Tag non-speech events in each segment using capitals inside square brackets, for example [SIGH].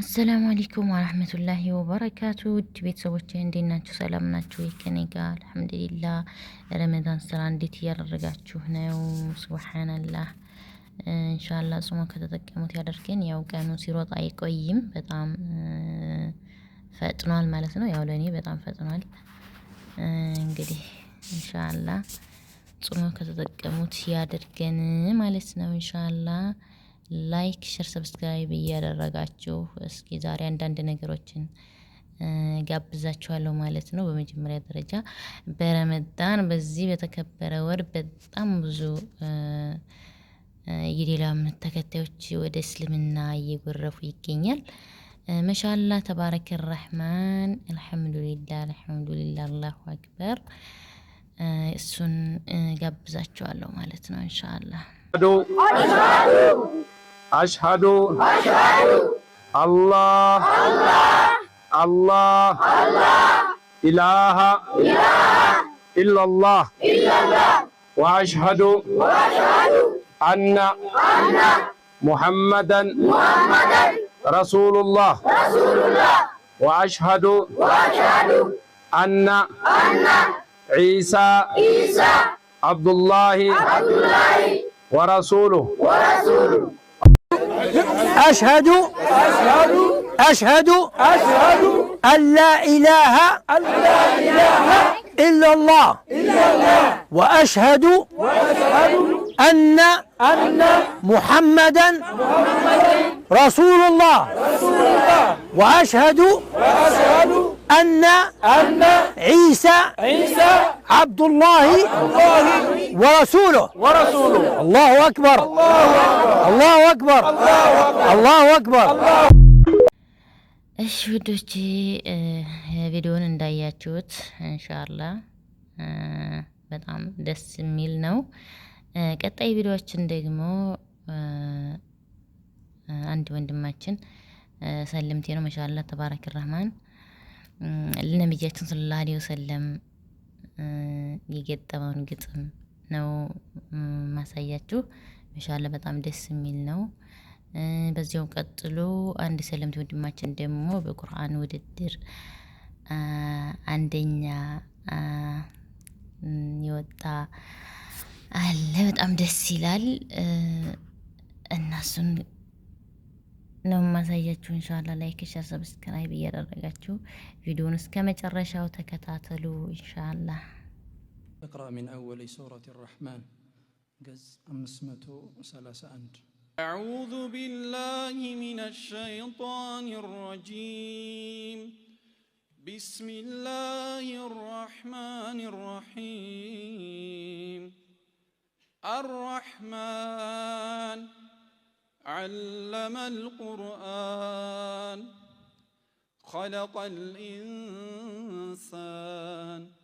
አሰላሙ አሌይኩም ወራህመቱላሂ ወበረካቱ። ውድ ቤተሰቦች እንዴት ናችሁ? ሰላም ናችሁ? ከኔ ጋር አልሐምዱሊላህ። ረመዳን ስራ እንዴት እያደረጋችሁ ነው? ሱብሃነላህ። እንሻላ ጾሞ ከተጠቀሙት ያደርገን። ያው ቀኑ ሲሮጥ አይቆይም፣ በጣም ፈጥኗል ማለት ነው። ያው ለእኔ በጣም ፈጥኗል። እንግዲህ እንሻላ ጾሞ ከተጠቀሙት ያደርገን ማለት ነው። ኢንሻአላህ ላይክ፣ ሸር፣ ሰብስክራይብ እያደረጋችሁ እስኪ ዛሬ አንዳንድ ነገሮችን ጋብዛችኋለሁ ማለት ነው። በመጀመሪያ ደረጃ በረመዳን በዚህ በተከበረ ወር በጣም ብዙ የሌላ እምነት ተከታዮች ወደ እስልምና እየጎረፉ ይገኛል። መሻላ ተባረክ ራህማን አልሐምዱሊላ አልሐምዱሊላ አላሁ አክበር። እሱን ጋብዛችኋለሁ ማለት ነው። እንሻላ። أشهد أشهد الله الله الله إله إله إلا الله إلا الله وأشهد وأشهد أن أن محمدا محمدا رسول الله رسول الله وأشهد وأشهد أن أن عيسى عيسى عبد الله عبد الله ورسوله ورسوله أشهد أشهد أشهد أشهد أن لا إله أن لا إله إلا الله إلا الله وأشهد وأشهد أن أن محمدا محمدا رسول الله رسول الله وأشهد وأشهد أن أن عيسى عيسى عبد الله عبد الله ورسوله ورسوله الله اكبر الله اكبر الله أكبر እሺ ውዶቼ ቪዲዮን እንዳያችሁት እንሻላ በጣም ደስ የሚል ነው። ቀጣይ ቪዲዮዎችን ደግሞ አንድ ወንድማችን ሰለምቴ ነው ማሻአላ ተባረክ ረህማን ለነቢያችን ሰለላሁ ዐለይሂ ወሰለም የገጠመውን ግጥም ነው ማሳያችሁ። ማሻአላ በጣም ደስ የሚል ነው። በዚያው ቀጥሎ አንድ ሰለምት ወንድማችን ደግሞ በቁርአን ውድድር አንደኛ የወጣ አለ። በጣም ደስ ይላል እናሱን ነው ማሳያችሁ። እንሻላ ላይክ፣ ሸር፣ ሰብስክራይብ እያደረጋችሁ ቪዲዮውን እስከ መጨረሻው ተከታተሉ። እንሻላ اقرأ من أول سورة الرحمن جزء أمسمة سلاس أنت أعوذ بالله من الشيطان الرجيم بسم الله الرحمن الرحيم الرحمن علم القرآن خلق الإنسان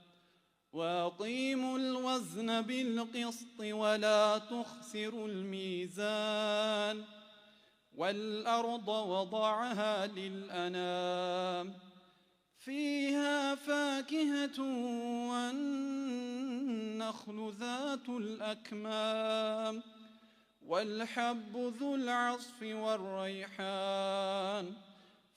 وأقيموا الوزن بالقسط ولا تخسروا الميزان والأرض وضعها للأنام فيها فاكهة والنخل ذات الأكمام والحب ذو العصف والريحان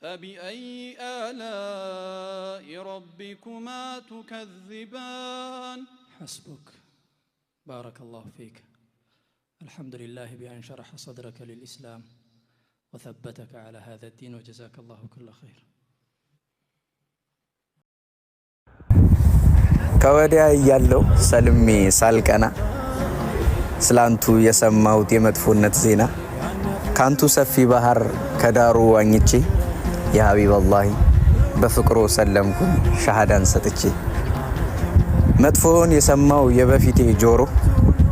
فبأي آلاء ربكما تكذبان حسبك بارك الله فيك الحمد لله بأن شرح صدرك للإسلام وثبتك على هذا الدين وجزاك الله كل خير سلمي እያለው ሰልሜ سلانتو يسمى وتيمت فونت زينة كانتو سفي بحر كدارو وانيتشي የሀቢበላሂ በፍቅሮ ሰለምኩኝ ሻሃዳን ሰጥቼ መጥፎውን የሰማው የበፊቴ ጆሮ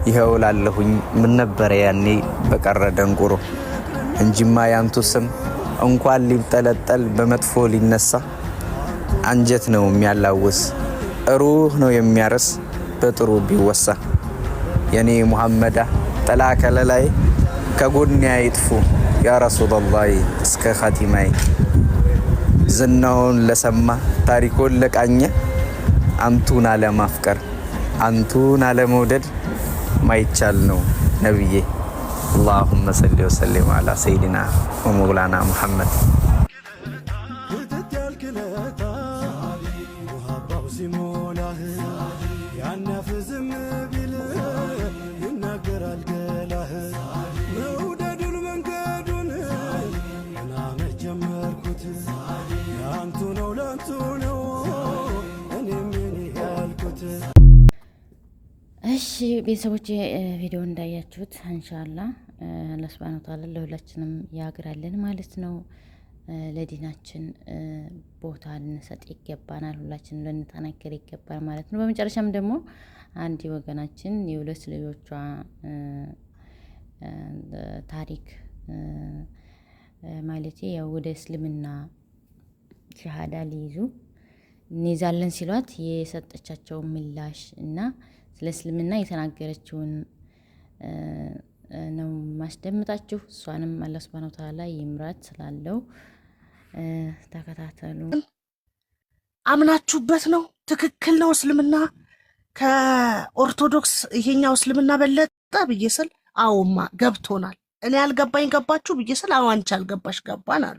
ይኸው ላለሁኝ ምን ነበረ ያኔ በቀረ ደንቁሮ እንጂማ ያንቱ ስም እንኳን ሊጠለጠል በመጥፎ ሊነሳ አንጀት ነው የሚያላውስ ሩህ ነው የሚያርስ በጥሩ ቢወሳ የኔ ሙሐመዳ ጥላ ከለላይ ከጎን አይጥፉ ያ ረሱለላህ እስከ ኻቲማይ ዝናውን ለሰማ ታሪኮን ለቃኘ አንቱን አለማፍቀር አንቱን አለመውደድ ማይቻል ነው ነብዬ። አላሁመ ሰሊ ወሰሊም አላ ሰይድና ወመውላና ሙሐመድ ቤተሰቦች ቪዲዮ እንዳያችሁት እንሻላ ለስብን ታላ ለሁላችንም ያግራለን ማለት ነው። ለዲናችን ቦታ ልንሰጥ ይገባናል። ሁላችን ልንጠናከር ይገባል ማለት ነው። በመጨረሻም ደግሞ አንድ ወገናችን የሁለት ልጆቿ ታሪክ ማለት ያው ወደ እስልምና ሻሃዳ ሊይዙ እንይዛለን ሲሏት የሰጠቻቸው ምላሽ እና ስለ እስልምና የተናገረችውን ነው ማስደምጣችሁ። እሷንም አላህ ሱብሃነሁ ወተዓላ ይምራት ስላለው ተከታተሉ። አምናችሁበት ነው ትክክል ነው እስልምና ከኦርቶዶክስ ይሄኛው እስልምና በለጠ ብዬ ስል አዎማ ገብቶናል። እኔ አልገባኝ ገባችሁ ብዬ ስል አዎ አንቺ አልገባሽ ገባን አሉ።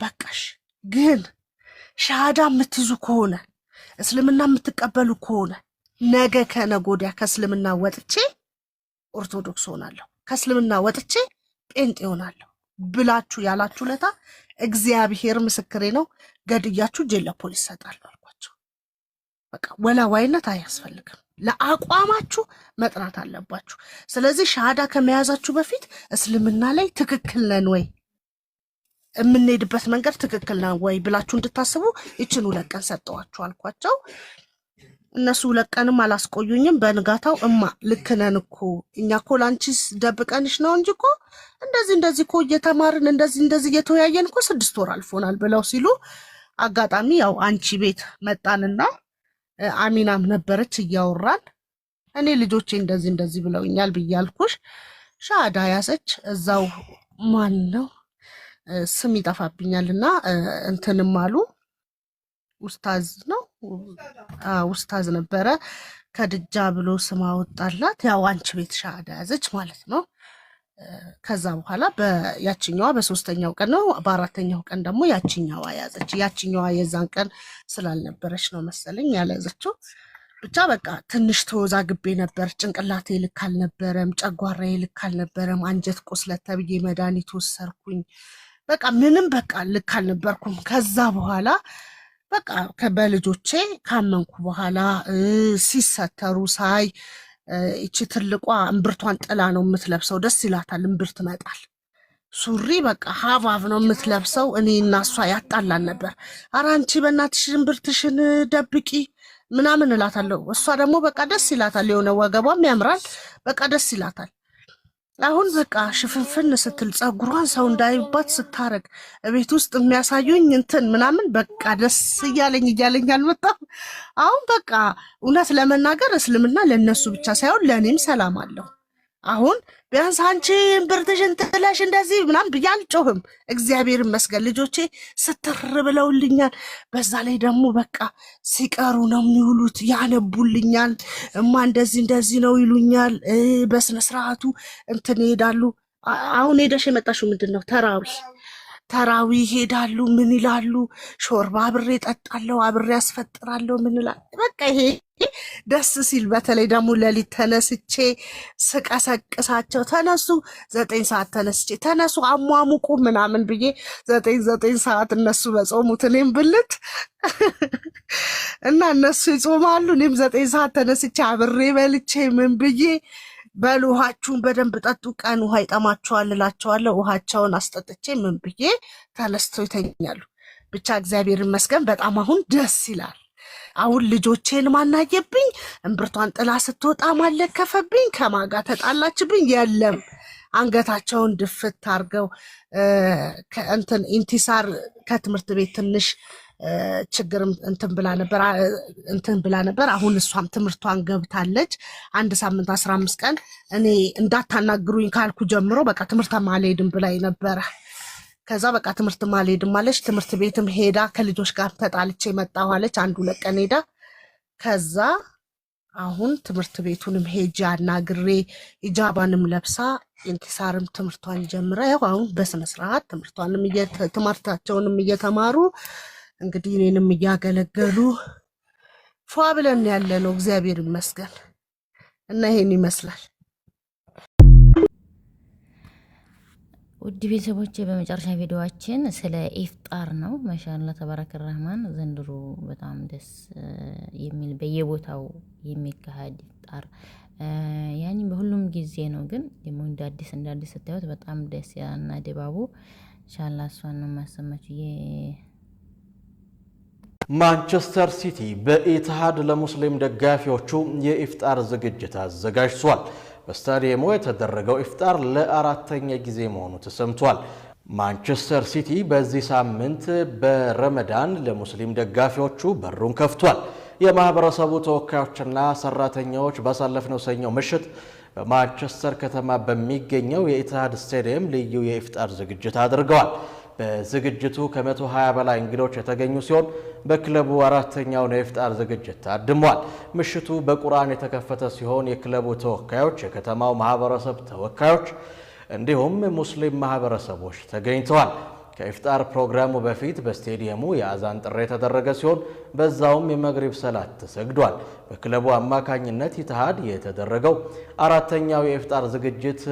በቃሽ ግን ሻሃዳ የምትይዙ ከሆነ እስልምና የምትቀበሉ ከሆነ ነገ ከነጎዳ ከእስልምና ወጥቼ ኦርቶዶክስ ሆናለሁ፣ ከእስልምና ወጥቼ ጴንጤ ሆናለሁ ብላችሁ ያላችሁ ለታ እግዚአብሔር ምስክሬ ነው፣ ገድያችሁ እጄን ለፖሊስ እሰጣለሁ አልኳቸው። በቃ ወላዋይነት አያስፈልግም። ለአቋማችሁ መጥናት አለባችሁ። ስለዚህ ሻሃዳ ከመያዛችሁ በፊት እስልምና ላይ ትክክል ነን ወይ የምንሄድበት መንገድ ትክክል ነን ወይ ብላችሁ እንድታስቡ ይችን ሁለት ቀን ሰጠዋችሁ አልኳቸው። እነሱ ለቀንም አላስቆዩኝም። በንጋታው እማ ልክ ነን እኮ እኛ እኮ ላንቺስ ደብቀንሽ ነው እንጂ እኮ እንደዚህ እንደዚህ እኮ እየተማርን እንደዚህ እንደዚህ እየተወያየን እኮ ስድስት ወር አልፎናል ብለው ሲሉ አጋጣሚ ያው አንቺ ቤት መጣንና አሚናም ነበረች እያወራን እኔ ልጆቼ እንደዚህ እንደዚህ ብለውኛል ብያልኩሽ ሻዳ ያሰች እዛው ማን ነው ስም ይጠፋብኛልና እንትንም አሉ ኡስታዝ ነው ውስታዝ ነበረ። ከድጃ ብሎ ስም አወጣላት። ያው አንቺ ቤት ሻሃዳ ያዘች ማለት ነው። ከዛ በኋላ ያችኛዋ በሶስተኛው ቀን ነው፣ በአራተኛው ቀን ደግሞ ያችኛዋ ያዘች። ያችኛዋ የዛን ቀን ስላልነበረች ነው መሰለኝ ያለያዘችው። ብቻ በቃ ትንሽ ተወዛ ግቤ ነበር። ጭንቅላቴ ልክ አልነበረም፣ ጨጓራዬ ልክ አልነበረም። አንጀት ቁስለት ተብዬ መድኃኒት ወሰርኩኝ። በቃ ምንም በቃ ልክ አልነበርኩም። ከዛ በኋላ በቃ በልጆቼ ካመንኩ በኋላ ሲሰተሩ ሳይ እቺ ትልቋ እምብርቷን ጥላ ነው የምትለብሰው። ደስ ይላታል፣ እምብርት መጣል። ሱሪ በቃ ሀባብ ነው የምትለብሰው። እኔ እና እሷ ያጣላን ነበር። ኧረ አንቺ በእናትሽ እምብርትሽን ደብቂ ምናምን እላታለሁ። እሷ ደግሞ በቃ ደስ ይላታል፣ የሆነ ወገቧም ያምራል። በቃ ደስ ይላታል። አሁን በቃ ሽፍንፍን ስትል ጸጉሯን ሰው እንዳይባት ስታረግ ቤት ውስጥ የሚያሳዩኝ እንትን ምናምን በቃ ደስ እያለኝ እያለኝ አልመጣም። አሁን በቃ እውነት ለመናገር እስልምና ለእነሱ ብቻ ሳይሆን ለእኔም ሰላም አለው። አሁን ቢያንስ አንቺ ብርትሽን ትለሽ እንደዚህ ምናምን ብዬ አልጮህም። እግዚአብሔር ይመስገን ልጆቼ ስትር ብለውልኛል። በዛ ላይ ደግሞ በቃ ሲቀሩ ነው የሚውሉት፣ ያነቡልኛል። እማ እንደዚህ እንደዚህ ነው ይሉኛል። በስነስርዓቱ እንትን ይሄዳሉ። አሁን ሄደሽ የመጣሽው ምንድን ነው? ተራዊ ተራዊ ይሄዳሉ። ምን ይላሉ? ሾርባ አብሬ እጠጣለሁ፣ አብሬ ያስፈጥራለሁ። ምን ይላል? በቃ ይሄ ደስ ሲል፣ በተለይ ደግሞ ለሊት ተነስቼ ስቀሰቅሳቸው ተነሱ፣ ዘጠኝ ሰዓት ተነስቼ ተነሱ፣ አሟሙቁ ምናምን ብዬ ዘጠኝ ዘጠኝ ሰዓት እነሱ በጾሙት እኔም ብልት [LAUGHS] እና እነሱ ይጾማሉ፣ እኔም ዘጠኝ ሰዓት ተነስቼ አብሬ በልቼ ምን ብዬ በል ውሃችሁን በደንብ ጠጡ፣ ቀን ውሃ ይጠማችኋል እላቸዋለሁ። ውሃቸውን አስጠጥቼ ምን ብዬ ተነስተው ይተኛሉ። ብቻ እግዚአብሔር ይመስገን በጣም አሁን ደስ ይላል። አሁን ልጆቼን ማናየብኝ፣ እምብርቷን ጥላ ስትወጣ ማለከፈብኝ፣ ከማጋ ተጣላችብኝ የለም አንገታቸውን ድፍት አርገው እንትን ኢንቲሳር ከትምህርት ቤት ትንሽ ችግርም እንትን ብላ ነበር እንትን ብላ ነበር። አሁን እሷም ትምህርቷን ገብታለች። አንድ ሳምንት አስራ አምስት ቀን እኔ እንዳታናግሩኝ ካልኩ ጀምሮ በቃ ትምህርት ማልሄድም ብላኝ ነበረ። ከዛ በቃ ትምህርት ማልሄድም አለች። ትምህርት ቤትም ሄዳ ከልጆች ጋር ተጣልቼ መጣሁ አለች። አንዱ ለቀን ሄዳ ከዛ አሁን ትምህርት ቤቱንም ሄጄ አናግሬ ኢጃባንም ለብሳ ኢንቲሳርም ትምህርቷን ጀምራ ያው አሁን በስነስርዓት ትምህርቷንም ትምህርታቸውንም እየተማሩ እንግዲህ እኔንም እያገለገሉ ፏ ብለን ያለ ነው። እግዚአብሔር ይመስገን እና ይሄን ይመስላል። ውድ ቤተሰቦቼ በመጨረሻ ቪዲዮችን ስለ ኢፍጣር ነው። ማሻላ ተባረክ ረህማን። ዘንድሮ በጣም ደስ የሚል በየቦታው የሚካሄድ ኢፍጣር ያኒ በሁሉም ጊዜ ነው፣ ግን ደግሞ እንደ አዲስ እንደ አዲስ ስታዩት በጣም ደስ ያና ድባቡ። ሻላ እሷን ነው የማሰማችሁ። ማንቸስተር ሲቲ በኢትሃድ ለሙስሊም ደጋፊዎቹ የኢፍጣር ዝግጅት አዘጋጅቷል። በስታዲየሙ የተደረገው ኢፍጣር ለአራተኛ ጊዜ መሆኑ ተሰምቷል። ማንቸስተር ሲቲ በዚህ ሳምንት በረመዳን ለሙስሊም ደጋፊዎቹ በሩን ከፍቷል። የማህበረሰቡ ተወካዮችና ሰራተኛዎች ባሳለፍነው ሰኞ ምሽት በማንቸስተር ከተማ በሚገኘው የኢትሃድ ስታዲየም ልዩ የኢፍጣር ዝግጅት አድርገዋል። በዝግጅቱ ከ120 በላይ እንግዶች የተገኙ ሲሆን በክለቡ አራተኛውን የኢፍጣር ዝግጅት ታድሟል። ምሽቱ በቁርአን የተከፈተ ሲሆን የክለቡ ተወካዮች፣ የከተማው ማህበረሰብ ተወካዮች እንዲሁም ሙስሊም ማህበረሰቦች ተገኝተዋል። ከኢፍጣር ፕሮግራሙ በፊት በስቴዲየሙ የአዛን ጥሪ የተደረገ ሲሆን በዛውም የመግሪብ ሰላት ተሰግዷል። በክለቡ አማካኝነት ኢትሃድ የተደረገው አራተኛው የኢፍጣር ዝግጅት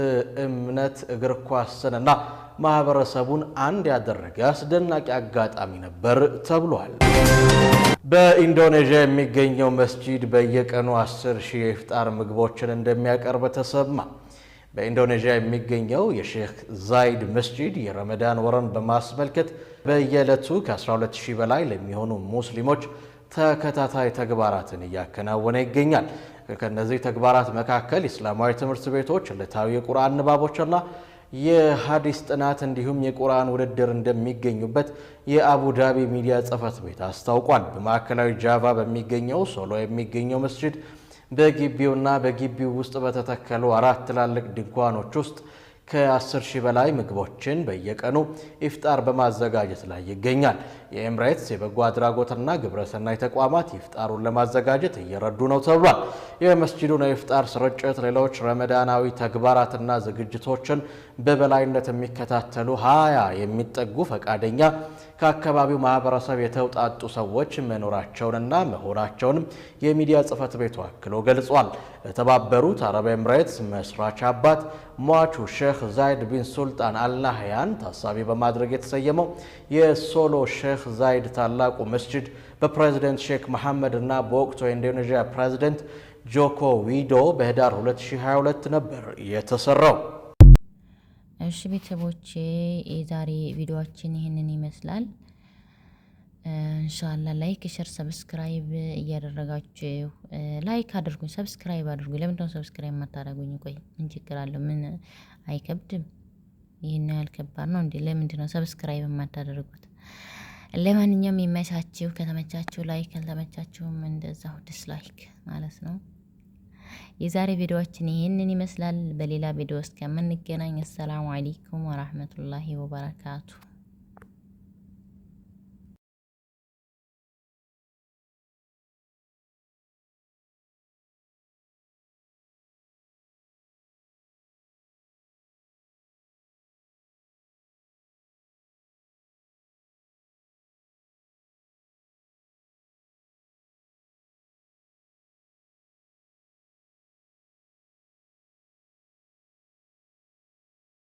እምነት፣ እግር ኳስንና ማህበረሰቡን አንድ ያደረገ አስደናቂ አጋጣሚ ነበር ተብሏል። በኢንዶኔዥያ የሚገኘው መስጂድ በየቀኑ 10 ሺህ የኢፍጣር ምግቦችን እንደሚያቀርብ ተሰማ። በኢንዶኔዥያ የሚገኘው የሼክ ዛይድ መስጂድ የረመዳን ወረን በማስመልከት በየዕለቱ ከ12 ሺህ በላይ ለሚሆኑ ሙስሊሞች ተከታታይ ተግባራትን እያከናወነ ይገኛል። ከእነዚህ ተግባራት መካከል ኢስላማዊ ትምህርት ቤቶች፣ ዕለታዊ የቁርአን ንባቦችና የሀዲስ ጥናት እንዲሁም የቁርአን ውድድር እንደሚገኙበት የአቡዳቢ ሚዲያ ጽህፈት ቤት አስታውቋል። በማዕከላዊ ጃቫ በሚገኘው ሶሎ የሚገኘው መስጅድ በግቢውና በግቢው ውስጥ በተተከሉ አራት ትላልቅ ድንኳኖች ውስጥ ከ10 ሺህ በላይ ምግቦችን በየቀኑ ኢፍጣር በማዘጋጀት ላይ ይገኛል። የኤምሬትስ የበጎ አድራጎትና ግብረሰናይ ተቋማት ኢፍጣሩን ለማዘጋጀት እየረዱ ነው ተብሏል። የመስጂዱን የኢፍጣር ስርጭት፣ ሌሎች ረመዳናዊ ተግባራትና ዝግጅቶችን በበላይነት የሚከታተሉ ሀያ የሚጠጉ ፈቃደኛ ከአካባቢው ማህበረሰብ የተውጣጡ ሰዎች መኖራቸውንና መሆናቸውንም የሚዲያ ጽህፈት ቤቱ አክሎ ገልጿል። የተባበሩት አረብ ኤምሬትስ መስራች አባት ሟቹ ሼህ ሼክ ዛይድ ቢን ሱልጣን አልናህያን ታሳቢ በማድረግ የተሰየመው የሶሎ ሼህ ዛይድ ታላቁ መስጅድ በፕሬዚደንት ሼክ መሐመድ እና በወቅቱ የኢንዶኔዥያ ፕሬዚደንት ጆኮ ዊዶ በህዳር 2022 ነበር የተሰራው። እሺ ቤተሰቦቼ የዛሬ ቪዲዮችን ይህንን ይመስላል። እንሻላ ላይክ፣ ሸር፣ ሰብስክራይብ እያደረጋችሁ ላይክ አድርጉኝ፣ ሰብስክራይብ አድርጉኝ። ለምንድነው ሰብስክራይብ የማታደርጉኝ? ቆይ ምን ችግር አለው? ምን አይከብድም። ይህን ያህል ከባድ ነው እንዴ? ለምንድነው ሰብስክራይብ የማታደርጉት? ለማንኛውም ይመቻችሁ። ከተመቻችሁ ላይክ፣ ካልተመቻችሁም እንደዛው ዲስላይክ ማለት ነው። የዛሬ ቪዲዮዎችን ይህንን ይመስላል። በሌላ ቪዲዮ እስከምንገናኝ አሰላሙ አለይኩም ወራህመቱላሂ ወበረካቱ።